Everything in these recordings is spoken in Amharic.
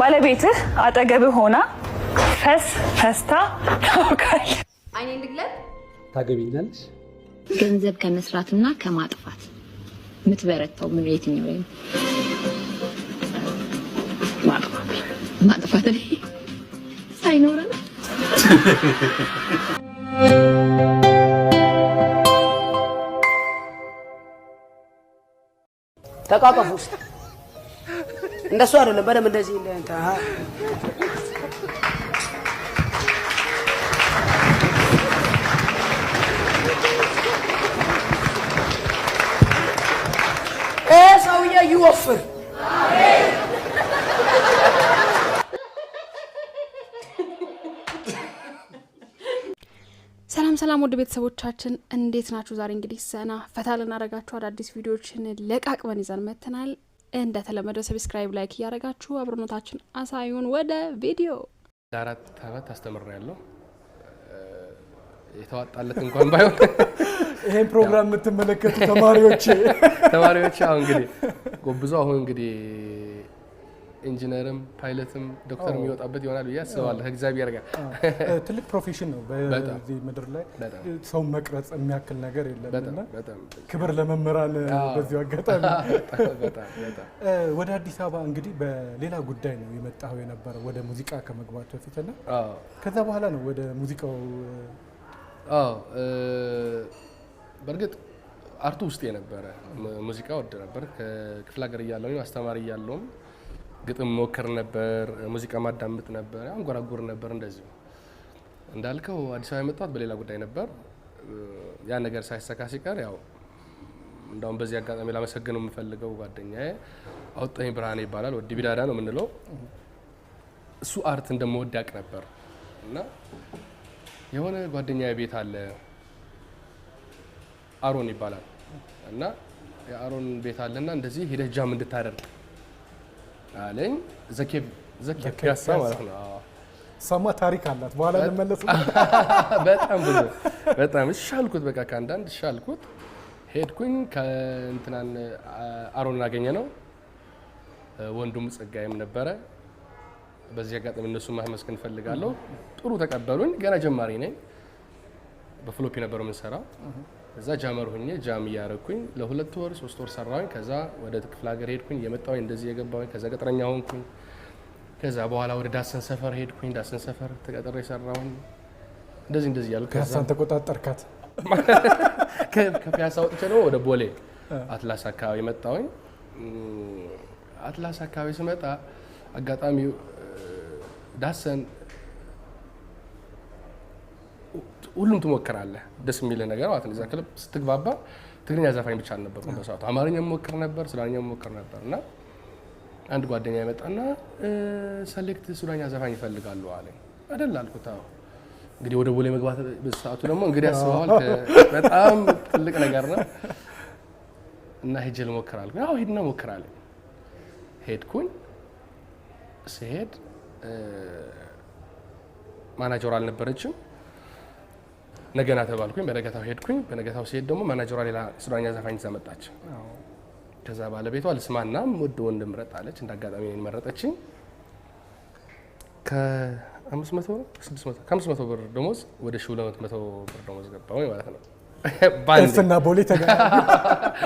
ባለቤትህ አጠገብህ ሆና ፈስ ፈስታ ታውቃል። አይኔ ልግለጥ። ታገቢኛለሽ። ገንዘብ ከመስራትና ከማጥፋት የምትበረታው ምን የትኛው ላይ? ማጥፋት ላይ ሳይኖረን ተቃቀፉ ውስጥ እንደሱ አይደለም። በደምብ እንደዚህ ይህ ሰውዬ ይወፍር። ሰላም ሰላም፣ ወደ ቤተሰቦቻችን እንዴት ናችሁ? ዛሬ እንግዲህ ሰና ፈታ ልናደርጋችሁ አዳዲስ ቪዲዮዎችን ለቃቅበን ይዘን መጥተናል። እንደተለመደው ሰብስክራይብ፣ ላይክ እያደረጋችሁ አብሮነታችን አሳዩን። ወደ ቪዲዮ አራት አመት አስተምር ያለው የተዋጣለት እንኳን ባይሆን ይሄን ፕሮግራም የምትመለከቱ ተማሪዎች ተማሪዎች አሁን እንግዲህ ጎብዞ አሁን እንግዲህ ኢንጂነርም ፓይለትም ዶክተር የሚወጣበት ይሆናል ብዬ አስባለሁ። እግዚአብሔር ጋር ትልቅ ፕሮፌሽን ነው። በዚህ ምድር ላይ ሰው መቅረጽ የሚያክል ነገር የለም። ክብር ለመምህራን። በዚሁ አጋጣሚ ወደ አዲስ አበባ እንግዲህ በሌላ ጉዳይ ነው የመጣው የነበረው ወደ ሙዚቃ ከመግባቱ በፊትና ከዛ በኋላ ነው ወደ ሙዚቃው በእርግጥ አርቱ ውስጥ የነበረ ሙዚቃ ወድ ነበር። ከክፍለ ሀገር እያለሁኝ አስተማሪ እያለሁም ግጥም ሞክር ነበር፣ ሙዚቃ ማዳምጥ ነበር፣ አንጎራጉር ነበር። እንደዚሁ እንዳልከው አዲስ አበባ የመጣሁት በሌላ ጉዳይ ነበር። ያ ነገር ሳይሰካ ሲቀር ያው እንዳሁም በዚህ አጋጣሚ ላመሰግነው የምፈልገው ጓደኛዬ አውጣኝ ብርሃን ይባላል። ወዲ ቢዳዳ ነው የምንለው። እሱ አርት እንደምወድ ያውቅ ነበር እና የሆነ ጓደኛዬ ቤት አለ አሮን ይባላል እና የአሮን ቤት አለና እንደዚህ ሄደህ ጃም እንድታደርግ አለኝ። ዘኬብ ፒያሳ ማለት ነው። ሰማ ታሪክ አላት። በኋላ እንመለስ። በጣም ብዙ በጣም እሺ አልኩት። በቃ ከአንዳንድ እሺ አልኩት። ሄድኩኝ ከእንትናን አሮን አገኘ ነው ወንዱም ጸጋይም ነበረ። በዚህ አጋጣሚ እነሱ ማመስገን እፈልጋለሁ። ጥሩ ተቀበሉኝ። ገና ጀማሪ ነኝ። በፍሎፒ የነበረው የምንሰራው እዛ ጃመር ሁኜ ጃም እያረግኩኝ ለሁለት ወር ሶስት ወር ሰራኝ። ከዛ ወደ ክፍለ ሀገር ሄድኩኝ፣ የመጣሁኝ እንደዚህ የገባሁኝ። ከዛ ቅጥረኛ ሆንኩኝ። ከዛ በኋላ ወደ ዳሰን ሰፈር ሄድኩኝ። ዳሰን ሰፈር ተቀጥሬ ሰራሁኝ። እንደዚህ እንደዚህ ያልኩ ፒያሳን ተቆጣጠርካት። ከፒያሳ ወጥቼ ደግሞ ወደ ቦሌ አትላስ አካባቢ መጣሁኝ። አትላስ አካባቢ ስመጣ አጋጣሚው ዳሰን ሁሉም ትሞክራለህ። ደስ የሚል ነገር ማለት ነው። እዛ ክለብ ስትግባባ ትግርኛ ዘፋኝ ብቻ አልነበርኩም በሰዓቱ። አማርኛ ሞክር ነበር፣ ሱዳንኛ ሞክር ነበር እና አንድ ጓደኛ ያመጣና ሰሌክት ሱዳኛ ዘፋኝ ይፈልጋሉ አለኝ። አደል አልኩት። አዎ እንግዲህ ወደ ቦሌ መግባት በሰዓቱ ደግሞ እንግዲህ አስበዋል፣ በጣም ትልቅ ነገር ነው እና ሄጄ ልሞክር አልኩ። አዎ ሄድና ሞክር አለኝ። ሄድኩኝ። ስሄድ ማናጀር አልነበረችም ነገና ተባልኩኝ። በነገታው ሄድኩኝ። በነገታው ሲሄድ ደግሞ ማናጀሯ ሌላ ሱዳኛ ዘፋኝ ይዛ መጣች። ከዛ ባለቤቷ ልስማና ወደ ወንድ ምረጥ አለች። እንደ አጋጣሚ መረጠችኝ። ከአምስት መቶ ብር ደሞዝ ወደ ሺ ሁለት መቶ ብር ደሞዝ ገባሁኝ ማለት ነው። እልፍና ቦሌ ተጋ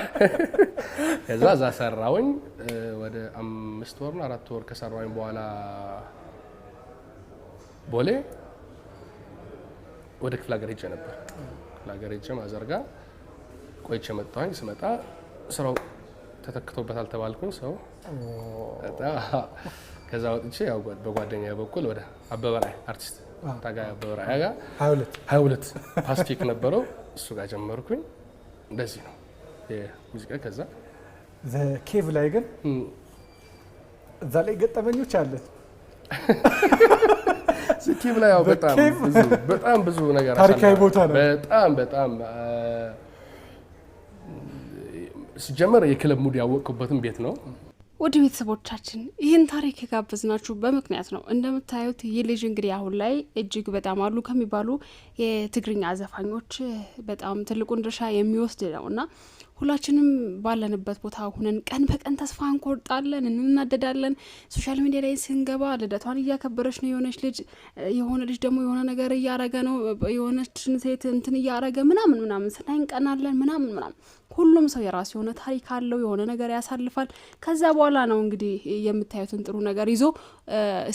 ከዛ እዛ ሰራውኝ ወደ አምስት ወርና አራት ወር ከሰራውኝ በኋላ ቦሌ ወደ ክፍለ ሀገር ሄጄ ነበር። ክፍለ ሀገር ሄጄ ማዘርጋ ቆይቼ መጣሁኝ። ስመጣ ስራው ተተክቶበታል ተባልኩኝ ሰው ከዛ ወጥቼ ያው በጓደኛ በኩል ወደ አበበራይ አርቲስት ታጋይ አበበራይ ጋር ሀያ ሁለት ፓስፊክ ነበረው እሱ ጋር ጀመርኩኝ። እንደዚህ ነው የሙዚቃ ከዛ ኬቭ ላይ ግን እዛ ላይ ገጠመኞች አለን ኪቭ ላይ ያው በጣም ብዙ በጣም ብዙ ነገር ታሪካዊ ቦታ ነው። በጣም በጣም ሲጀመር የክለብ ሙድ ያወቅኩበትም ቤት ነው። ወደ ቤተሰቦቻችን ይህን ታሪክ የጋበዝናችሁ በምክንያት ነው። እንደምታዩት ይህ ልጅ እንግዲህ አሁን ላይ እጅግ በጣም አሉ ከሚባሉ የትግርኛ ዘፋኞች በጣም ትልቁን ድርሻ የሚወስድ ነው እና ሁላችንም ባለንበት ቦታ ሁነን ቀን በቀን ተስፋ እንቆርጣለን፣ እንናደዳለን። ሶሻል ሚዲያ ላይ ስንገባ ልደቷን እያከበረች ነው የሆነች ልጅ፣ የሆነ ልጅ ደግሞ የሆነ ነገር እያረገ ነው፣ የሆነችን ሴት እንትን እያረገ ምናምን ምናምን ስናይ እንቀናለን ምናምን ምናምን። ሁሉም ሰው የራሱ የሆነ ታሪክ አለው፣ የሆነ ነገር ያሳልፋል። ከዛ በኋላ ነው እንግዲህ የምታዩትን ጥሩ ነገር ይዞ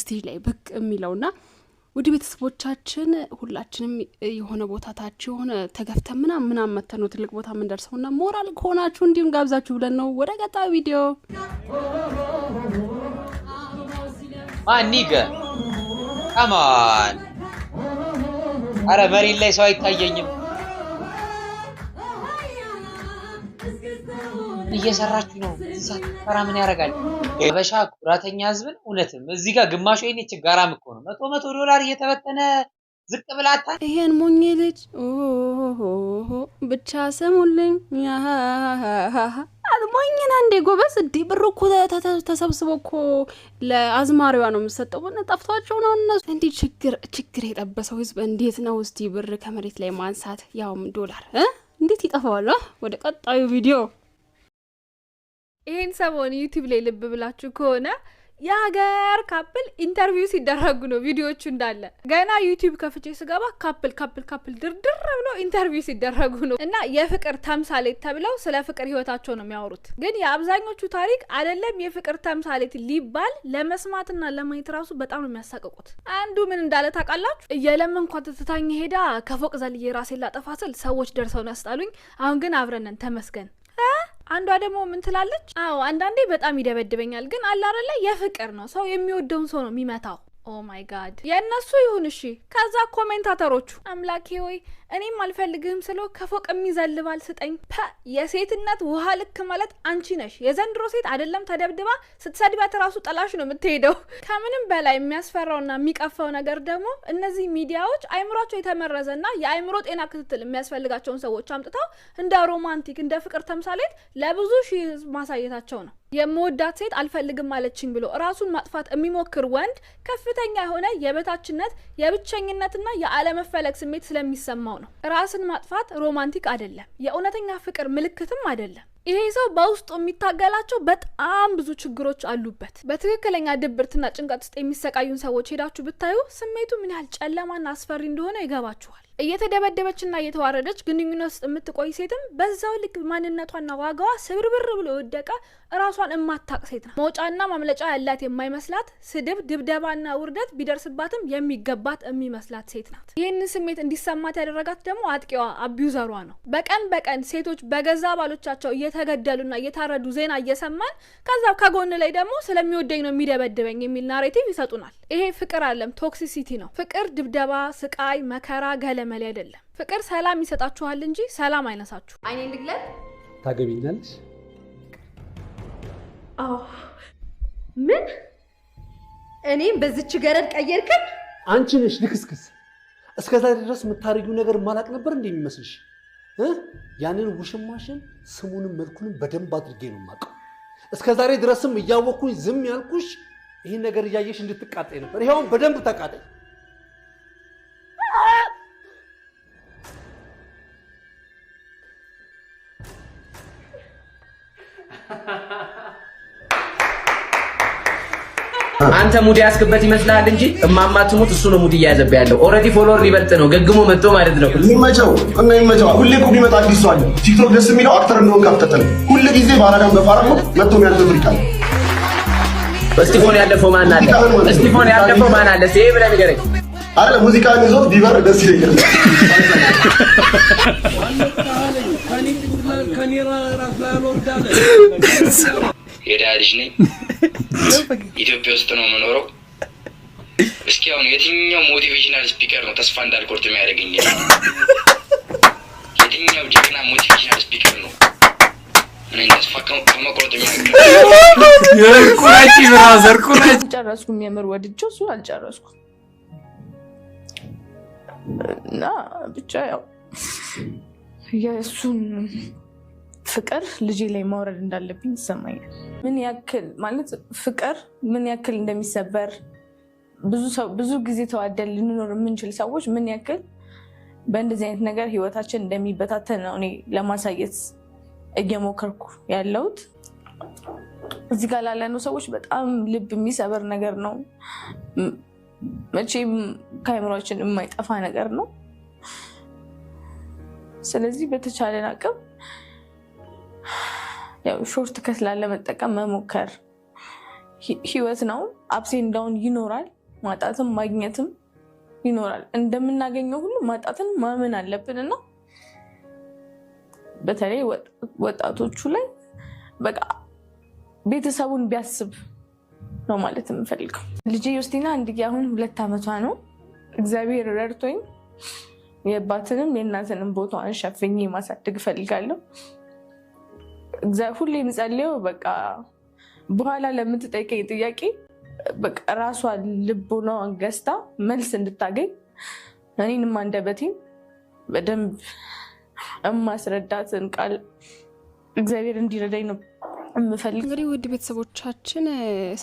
ስቴጅ ላይ ብቅ የሚለውና ውድ ቤተሰቦቻችን ሁላችንም የሆነ ቦታ ታች የሆነ ተገፍተን ምናምን ምናምን መተን ነው ትልቅ ቦታ የምንደርሰው እና ሞራል ከሆናችሁ እንዲሁም ጋብዛችሁ ብለን ነው ወደ ቀጣ ቪዲዮ ማኒገ ከማን አረ መሪን ላይ ሰው አይታየኝም። እየሰራችሁ ነው ተራ ምን ያደርጋል? ሀበሻ ኩራተኛ ህዝብን እውነትም እዚህ ጋር ግማሹ ይህን ችጋራም እኮ ነው። መቶ መቶ ዶላር እየተበተነ ዝቅ ብላታ ይሄን ሞኝ ልጅ ብቻ ስሙልኝ። አልሞኝን አንዴ ጎበዝ፣ እንዲህ ብር እኮ ተሰብስቦ እኮ ለአዝማሪዋ ነው የምሰጠው። ጠፍቷቸው ነው እነሱ እንዲ ችግር ችግር የጠበሰው ህዝብ እንዴት ነው እስቲ ብር ከመሬት ላይ ማንሳት ያውም ዶላር እንዴት ይጠፋዋል? ወደ ቀጣዩ ቪዲዮ ይሄን ሰሞን ዩቲብ ላይ ልብ ብላችሁ ከሆነ የሀገር ካፕል ኢንተርቪው ሲደረጉ ነው ቪዲዮዎቹ እንዳለ። ገና ዩቲዩብ ከፍቼ ስገባ ካፕል ካፕል ካፕል ድርድር ብሎ ኢንተርቪው ሲደረጉ ነው እና የፍቅር ተምሳሌት ተብለው ስለ ፍቅር ህይወታቸው ነው የሚያወሩት። ግን የአብዛኞቹ ታሪክ አይደለም የፍቅር ተምሳሌት ሊባል ለመስማትና ለማየት ራሱ በጣም ነው የሚያሳቅቁት። አንዱ ምን እንዳለ ታውቃላችሁ? እንኳን ትታኝ ሄዳ ከፎቅ ዘልዬ ራሴን ላጠፋ ስል ሰዎች ደርሰውን ያስጣሉኝ። አሁን ግን አብረን ተመስገን አንዷ ደግሞ ምን ትላለች? አዎ አንዳንዴ በጣም ይደበድበኛል፣ ግን አላረ የፍቅር ነው ሰው የሚወደውን ሰው ነው የሚመታው ኦ ማይ ጋድ የእነሱ ይሁን እሺ። ከዛ ኮሜንታተሮቹ አምላኬ ሆይ እኔም አልፈልግህም ስለው ከፎቅ የሚዘልባል ስጠኝ። ፐ የሴትነት ውሃ ልክ ማለት አንቺ ነሽ። የዘንድሮ ሴት አይደለም ተደብድባ ስትሰድባት ራሱ ጠላሽ ነው የምትሄደው። ከምንም በላይ የሚያስፈራውና የሚቀፋው ነገር ደግሞ እነዚህ ሚዲያዎች አይምሯቸው የተመረዘና የአይምሮ ጤና ክትትል የሚያስፈልጋቸውን ሰዎች አምጥተው እንደ ሮማንቲክ እንደ ፍቅር ተምሳሌት ለብዙ ሺህ ህዝብ ማሳየታቸው ነው። የምወዳት ሴት አልፈልግም ማለችኝ ብሎ እራሱን ማጥፋት የሚሞክር ወንድ ከፍተኛ የሆነ የበታችነት የብቸኝነትና የአለመፈለግ ስሜት ስለሚሰማው ነው። ራስን ማጥፋት ሮማንቲክ አይደለም፣ የእውነተኛ ፍቅር ምልክትም አይደለም። ይሄ ሰው በውስጡ የሚታገላቸው በጣም ብዙ ችግሮች አሉበት። በትክክለኛ ድብርትና ጭንቀት ውስጥ የሚሰቃዩን ሰዎች ሄዳችሁ ብታዩ ስሜቱ ምን ያህል ጨለማና አስፈሪ እንደሆነ ይገባችኋል። እየተደበደበችና እየተዋረደች ግንኙነት ውስጥ የምትቆይ ሴትም በዛው ልክ ማንነቷና ዋጋዋ ስብርብር ብሎ የወደቀ እራሷን የማታቅ ሴት ነው። መውጫና ማምለጫ ያላት የማይመስላት ስድብ፣ ድብደባና ውርደት ቢደርስባትም የሚገባት የሚመስላት ሴት ናት። ይህንን ስሜት እንዲሰማት ያደረጋት ደግሞ አጥቂዋ አቢዩዘሯ ነው። በቀን በቀን ሴቶች በገዛ ባሎቻቸው እየተገደሉና እየታረዱ ዜና እየሰማን ከዛ ከጎን ላይ ደግሞ ስለሚወደኝ ነው የሚደበድበኝ የሚል ናሬቲቭ ይሰጡናል። ይሄ ፍቅር አለም ቶክሲሲቲ ነው። ፍቅር ድብደባ፣ ስቃይ፣ መከራ፣ ገለ መለመሌ አይደለም። ፍቅር ሰላም ይሰጣችኋል እንጂ ሰላም አይነሳችሁ። አይኔ ልግለጥ። ታገቢኛለሽ? ምን? እኔም በዚች ገረድ ቀየርክን? አንቺ ነሽ ልክስክስ። እስከዛ ድረስ የምታረጊው ነገር ማላቅ ነበር እንደ የሚመስልሽ? ያንን ውሽማሽን ስሙንም መልኩንም በደንብ አድርጌ ነው የማውቀው። እስከ ዛሬ ድረስም እያወቅኩኝ ዝም ያልኩሽ ይህን ነገር እያየሽ እንድትቃጠኝ ነበር። ይኸውን በደንብ ተቃጠኝ። አንተ ሙድ ያስክበት ይመስልሃል እንጂ እማማ ትሙት እሱ ነው ሙድ እያያዘብህ ያለው። ኦልሬዲ ፎሎወር ሊበልጥ ነው ገግሞ መጥቶ ማለት ነው። ይመቸው እና ይመቸው። ሁሌ እኮ ቢመጣ አዲስ ሰው አለ። ቲክቶክ ደስ የሚለው አክተር እንደሆን ካፍተጠል ሁሉ ጊዜ ባራዳም በፋራም መጥቶ የሚያልፈው ብሪካ እስጢፎን ያለፈው ማን አለ? እስጢፎን ያለፈው ማን አለ? ይሄ ብለህ ንገረኝ። አረ ሙዚቃ ይዞት ቢበር ደስ ይለኛል። ከኔ ራስ ላይ አልወርዳለሁ የድሃ ልጅ ነኝ። ኢትዮጵያ ውስጥ ነው የምኖረው። እስኪ አሁን የትኛው ሞቲቬሽናል ስፒከር ነው ተስፋ እንዳልቆርጥ የሚያደርገኝ? የትኛው ጀግና ሞቲቬሽናል ስፒከር ነው አልጨረስኩም። የምር ወድጀው እሱን አልጨረስኩም እና ብቻ ያው የእሱን ፍቅር ልጄ ላይ ማውረድ እንዳለብኝ ይሰማኛል። ምን ያክል ማለት ፍቅር ምን ያክል እንደሚሰበር ብዙ ጊዜ ተዋደን ልንኖር የምንችል ሰዎች ምን ያክል በእንደዚህ አይነት ነገር ህይወታችን እንደሚበታተን ነው እኔ ለማሳየት እየሞከርኩ ያለሁት። እዚህ ጋር ላለነው ሰዎች በጣም ልብ የሚሰበር ነገር ነው። መቼም ከአይምሯችን የማይጠፋ ነገር ነው። ስለዚህ በተቻለን አቅም ሾርት ከስላለ ለመጠቀም መሞከር ህይወት ነው። አፕሴን ዳውን ይኖራል። ማጣትም ማግኘትም ይኖራል። እንደምናገኘው ሁሉ ማጣትን ማመን አለብን እና በተለይ ወጣቶቹ ላይ በቃ ቤተሰቡን ቢያስብ ነው ማለት የምፈልገው። ልጄ ዮስቲና እንግዲህ አሁን ሁለት ዓመቷ ነው። እግዚአብሔር ረድቶኝ የአባትንም የእናትንም ቦታዋን ሸፍኜ ማሳደግ እፈልጋለሁ። ሁሌ ምጸልየው በቃ በኋላ ለምትጠይቀኝ ጥያቄ በቃ ራሷ ልቦናዋን ገዝታ መልስ እንድታገኝ እኔንም አንደበቴም በደንብ እማስረዳትን ቃል እግዚአብሔር እንዲረዳኝ ነው የምፈልግ። እንግዲህ ውድ ቤተሰቦቻችን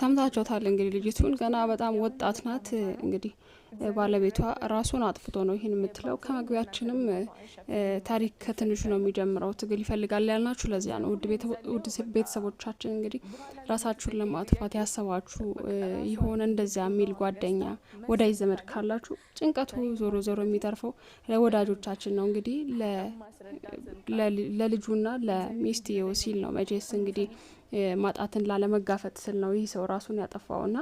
ሰምታችኋታል። እንግዲህ ልጅቱን ገና በጣም ወጣት ናት እንግዲህ ባለቤቷ ራሱን አጥፍቶ ነው ይህን የምትለው። ከመግቢያችንም ታሪክ ከትንሹ ነው የሚጀምረው። ትግል ይፈልጋል ያልናችሁ ለዚያ ነው። ውድ ቤተሰቦቻችን እንግዲህ ራሳችሁን ለማጥፋት ያሰባችሁ ይሆን እንደዚያ የሚል ጓደኛ፣ ወዳጅ ዘመድ ካላችሁ ጭንቀቱ ዞሮ ዞሮ የሚተርፈው ለወዳጆቻችን ነው። እንግዲህ ለልጁና ለሚስትየው ሲል ነው መቼስ እንግዲህ ማጣትን ላለመጋፈጥ ስል ነው ይህ ሰው ራሱን ያጠፋውና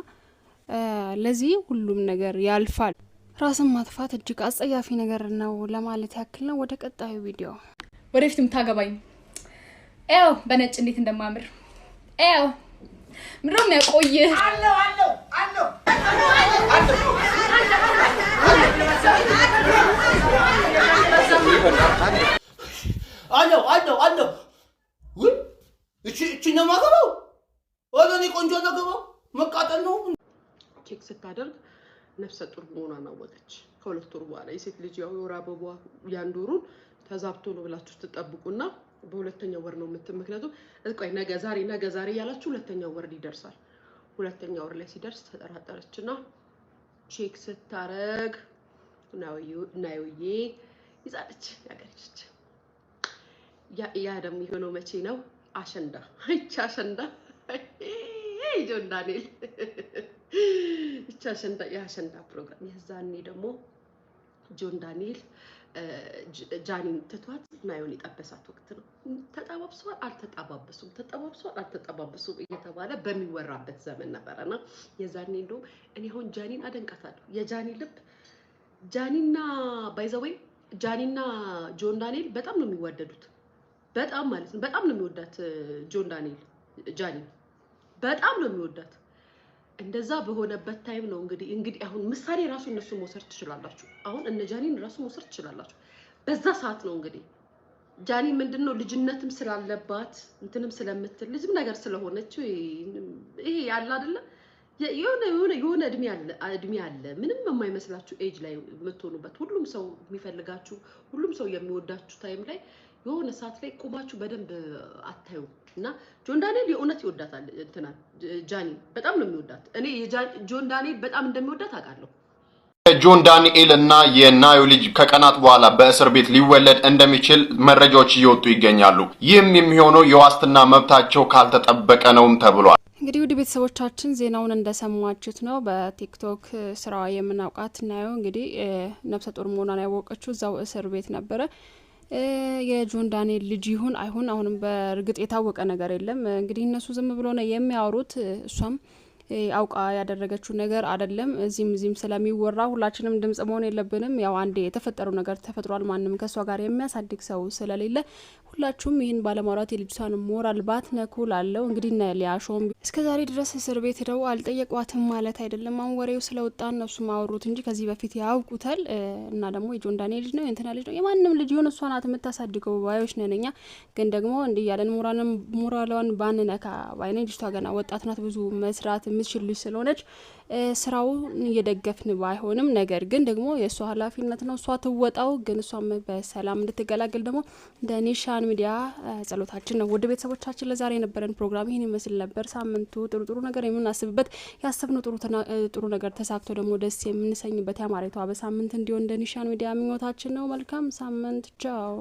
ለዚህ ሁሉም ነገር ያልፋል። ራስን ማጥፋት እጅግ አጸያፊ ነገር ነው ለማለት ያክል ነው። ወደ ቀጣዩ ቪዲዮ ወደፊት የምታገባኝ ያው በነጭ እንዴት እንደማምር ያው ምድሮ ያቆይ አለው አለው አለው እቺ እቺ ነው ቆንጆ ነው መቃጠል ነው። ቼክ ስታደርግ ነፍሰ ጡር መሆኗን አወቀች። ከሁለት ወር በኋላ የሴት ልጅ ያው የወር አበቧ ያንድ ወሩን ተዛብቶ ነው ብላችሁ ትጠብቁና በሁለተኛው ወር ነው የምት ምክንያቱም ቆይ ነገ ዛሬ ነገ ዛሬ እያላችሁ ሁለተኛው ወር ይደርሳል። ሁለተኛ ወር ላይ ሲደርስ ተጠራጠረችና ቼክ ስታረግ ናዩዬ ይዛለች ያገኘች። ያ ደግሞ የሆነው መቼ ነው? አሸንዳ ይቺ አሸንዳ ጆን ዳንኤል ዝች የአሸንዳ ፕሮግራም የዛኔ ደግሞ ጆን ዳንኤል ጃኒን ትቷት ናዮን የጠበሳት ወቅት ነው። ተጠባብሷል አልተጠባበሱም፣ ተጠባብሷል አልተጠባበሱም እየተባለ በሚወራበት ዘመን ነበረና የዛኔ እንደውም እኔ አሁን ጃኒን አደንቃታለሁ። የጃኒ ልብ ጃኒና ባይዘወይ ጃኒና ጆን ዳንኤል በጣም ነው የሚዋደዱት። በጣም ማለት ነው። በጣም ነው የሚወዳት ጆን ዳንኤል ጃኒ በጣም ነው የሚወዳት እንደዛ በሆነበት ታይም ነው እንግዲህ እንግዲህ አሁን ምሳሌ ራሱ እነሱ መውሰድ ትችላላችሁ። አሁን እነ ጃኒን ራሱ መውሰድ ትችላላችሁ። በዛ ሰዓት ነው እንግዲህ ጃኒ ምንድን ነው ልጅነትም ስላለባት እንትንም ስለምትል ልጅም ነገር ስለሆነች ይሄ ያለ አይደለ የሆነ የሆነ የሆነ እድሜ አለ እድሜ አለ ምንም የማይመስላችሁ ኤጅ ላይ የምትሆኑበት ሁሉም ሰው የሚፈልጋችሁ ሁሉም ሰው የሚወዳችሁ ታይም ላይ የሆነ ሰዓት ላይ ቁማችሁ በደንብ አታዩም። እና ጆን ዳንኤል የእውነት ይወዳታል። እንትና ጃኒ በጣም ነው የሚወዳት። እኔ ጆን ዳንኤል በጣም እንደሚወዳት አውቃለሁ። የጆን ዳንኤል እና የናዩ ልጅ ከቀናት በኋላ በእስር ቤት ሊወለድ እንደሚችል መረጃዎች እየወጡ ይገኛሉ። ይህም የሚሆነው የዋስትና መብታቸው ካልተጠበቀ ነውም ተብሏል። እንግዲህ ውድ ቤተሰቦቻችን ዜናውን እንደሰማችሁት ነው። በቲክቶክ ስራዋ የምናውቃት ናዮ እንግዲህ ነፍሰ ጡር መሆኗን ያወቀችው እዛው እስር ቤት ነበረ። የጆን ዳንኤል ልጅ ይሁን አይሁን አሁንም በእርግጥ የታወቀ ነገር የለም። እንግዲህ እነሱ ዝም ብሎ ነው የሚያወሩት። እሷም አውቃ ያደረገችው ነገር አይደለም። እዚህም እዚህም ስለሚወራ ሁላችንም ድምጽ መሆን የለብንም። ያው አንዴ የተፈጠረው ነገር ተፈጥሯል። ማንም ከእሷ ጋር የሚያሳድግ ሰው ስለሌለ ሁላችሁም ይህን ባለማውራት የልጅቷን ሞራል ባትነኩ ላለው እንግዲህ ሊያሾም እስከ ዛሬ ድረስ እስር ቤት ሄደው አልጠየቋትም ማለት አይደለም። አሁን ወሬው ስለወጣ እነሱ ማወሩት እንጂ ከዚህ በፊት ያውቁታል። እና ደግሞ የጆን ዳንኤል ልጅ ነው የእንትና ልጅ ነው የማንም ልጅ የሆነ እሷ ናት የምታሳድገው ባዮች ነን እኛ። ግን ደግሞ እንዲህ ያለን ሞራሏን ባንነካ ባይነ ልጅቷ ገና ወጣት ናት፣ ብዙ መስራት የምትችል ልጅ ስለሆነች ስራውን እየደገፍን ባይሆንም፣ ነገር ግን ደግሞ የእሷ ኃላፊነት ነው እሷ ትወጣው። ግን እሷም በሰላም እንድትገላገል ደግሞ እንደ ለኒሻን ሚዲያ ጸሎታችን ነው። ውድ ቤተሰቦቻችን ለዛሬ የነበረን ፕሮግራም ይህን ይመስል ነበር። ሳምንቱ ጥሩ ጥሩ ነገር የምናስብበት ያሰብነው ጥሩ ነገር ተሳክቶ ደግሞ ደስ የምንሰኝበት ያማሬቷ በሳምንት እንዲሆን እንደ ኒሻን ሚዲያ ምኞታችን ነው። መልካም ሳምንት ቻው።